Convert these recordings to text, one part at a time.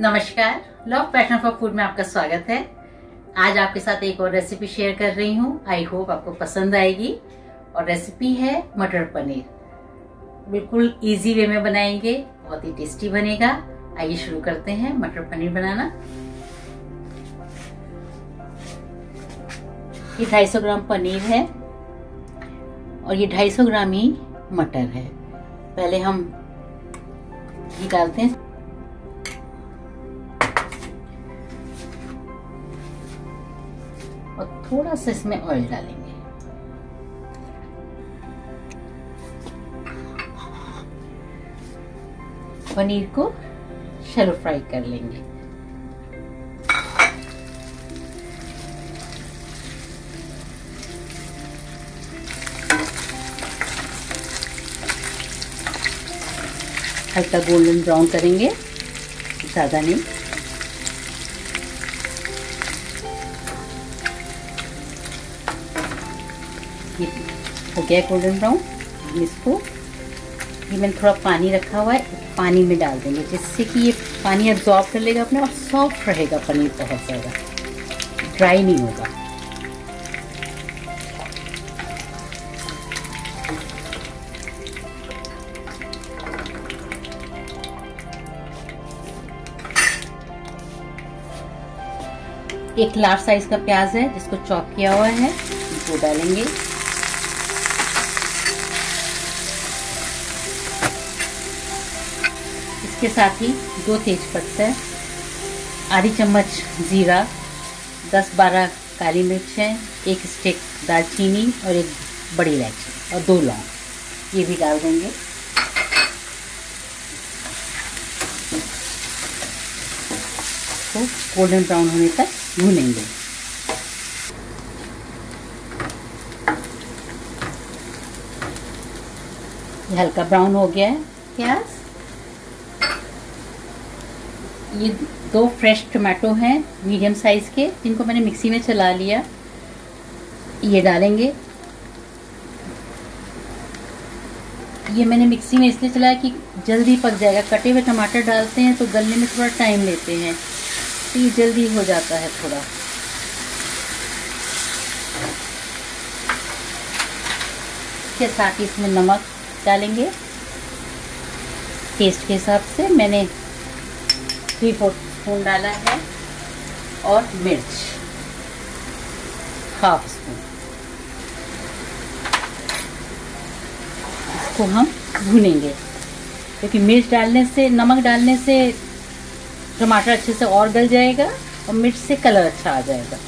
नमस्कार love passion for food में आपका स्वागत है आज आपके साथ एक और रेसिपी शेयर कर रही हूँ आई होप आपको पसंद आएगी और रेसिपी है मटर पनीर बिल्कुल इजी वे में बनाएंगे बहुत ही टेस्टी बनेगा आइए शुरू करते हैं मटर पनीर बनाना ये 250 ग्राम पनीर है और ये 250 ग्राम ही मटर है पहले हम घी डालते हैं और थोड़ा सा इसमें ऑयल डालेंगे पनीर को शैलो फ्राई कर लेंगे हल्का गोल्डन ब्राउन करेंगे ज़्यादा नहीं हो गया गोल्डन ब्राउन इसको ये मैंने थोड़ा पानी रखा हुआ है पानी में डाल देंगे जिससे कि ये पानी अब्जॉर्व कर लेगा अपना और सॉफ्ट रहेगा पनीर बहुत ज़्यादा ड्राई नहीं होगा एक लार्ज साइज का प्याज है जिसको चॉप किया हुआ है वो डालेंगे इसके साथ ही दो तेज पत्ते आधी चम्मच ज़ीरा दस बारह काली मिर्च है एक स्टिक दालचीनी और एक बड़ी इलायची और दो लौंग ये भी डाल देंगे तो गोल्डन ब्राउन होने तक भूनेंगे हल्का ब्राउन हो गया है प्याज ये दो फ्रेश टमाटो हैं मीडियम साइज़ के जिनको मैंने मिक्सी में चला लिया ये डालेंगे ये मैंने मिक्सी में इसलिए चलाया कि जल्दी पक जाएगा कटे हुए टमाटर डालते हैं तो गलने में थोड़ा टाइम लेते हैं तो ये जल्दी हो जाता है थोड़ा इसके साथ ही इसमें नमक डालेंगे टेस्ट के हिसाब से मैंने थ्री फोर्थ स्पून डाला है और मिर्च हाफ स्पून इसको हम भूनेंगे क्योंकि मिर्च डालने से नमक डालने से टमाटर अच्छे से और गल जाएगा और मिर्च से कलर अच्छा आ जाएगा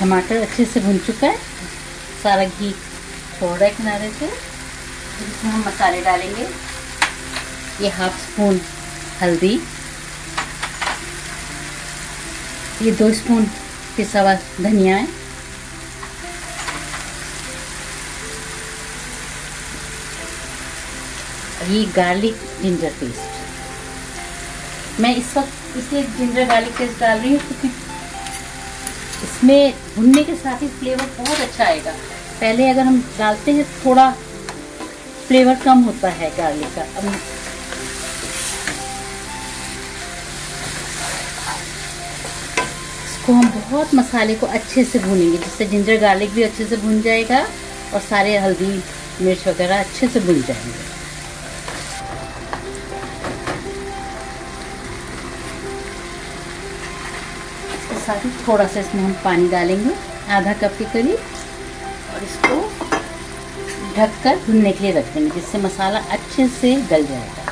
टमाटर अच्छे से भुन चुका है सारा घी छोड़ रहा है किनारे से इसमें हम मसाले डालेंगे ये हाफ स्पून हल्दी ये दो स्पून पिसा हुआ धनिया है ये गार्लिक जिंजर पेस्ट मैं इस वक्त इसलिए जिंजर गार्लिक पेस्ट डाल रही हूँ क्योंकि इसमें भुनने के साथ ही फ्लेवर बहुत अच्छा आएगा पहले अगर हम डालते हैं थोड़ा फ्लेवर कम होता है गार्लिक का अब इसको हम बहुत मसाले को अच्छे से भूनेंगे जिससे जिंजर गार्लिक भी अच्छे से भून जाएगा और सारे हल्दी मिर्च वगैरह अच्छे से भून जाएंगे साथ ही थोड़ा सा इसमें हम पानी डालेंगे आधा कप के करीब और इसको ढककर भुनने के लिए रख देंगे जिससे मसाला अच्छे से गल जाएगा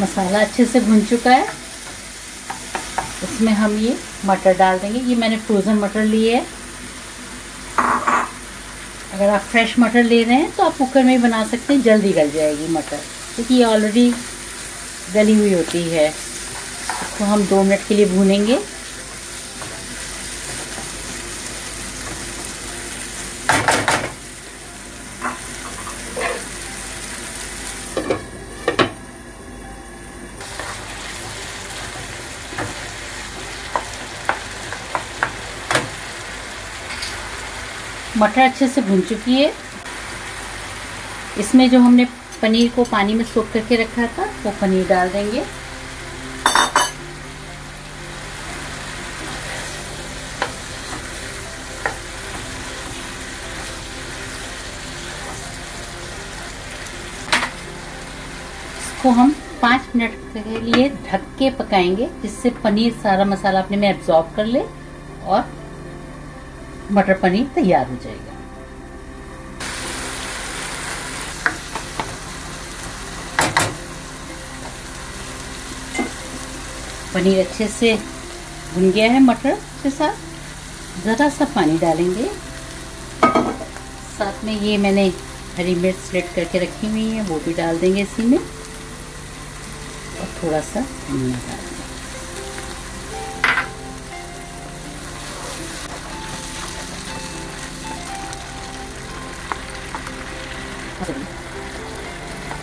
मसाला अच्छे से भुन चुका है इसमें हम ये मटर डाल देंगे ये मैंने फ्रोज़न मटर लिए है अगर आप फ्रेश मटर ले रहे हैं तो आप कुकर में ही बना सकते हैं जल्दी गल जाएगी मटर क्योंकि ये ऑलरेडी गली हुई होती है इसको हम दो मिनट के लिए भूनेंगे मटर अच्छे से भून चुकी है इसमें जो हमने पनीर को पानी में सोख करके रखा था वो पनीर डाल देंगे इसको हम पाँच मिनट के लिए ढक के पकाएंगे जिससे पनीर सारा मसाला अपने में एब्जॉर्ब कर ले और मटर पनीर तैयार हो जाएगा पनीर अच्छे से भुन गया है मटर के साथ ज़रा सा पानी डालेंगे साथ में ये मैंने हरी मिर्च सेलेक्ट करके रखी हुई है वो भी डाल देंगे इसी में और थोड़ा सा धनिया डालेंगे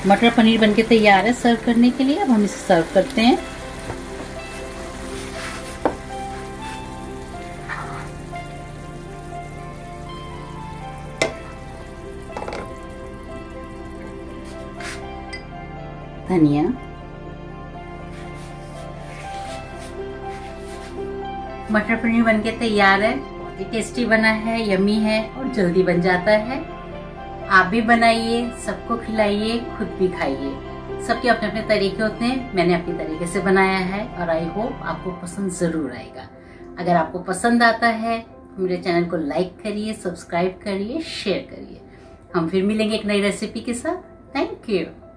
मटर पनीर बनके तैयार है सर्व करने के लिए अब हम इसे सर्व करते हैं धनिया मटर पनीर बनके तैयार है ही टेस्टी बना है यमी है और जल्दी बन जाता है आप भी बनाइए सबको खिलाइए खुद भी खाइए सबके अपने अपने तरीके होते हैं मैंने अपने तरीके से बनाया है और आई होप आपको पसंद ज़रूर आएगा अगर आपको पसंद आता है तो मेरे चैनल को लाइक करिए सब्सक्राइब करिए शेयर करिए हम फिर मिलेंगे एक नई रेसिपी के साथ थैंक यू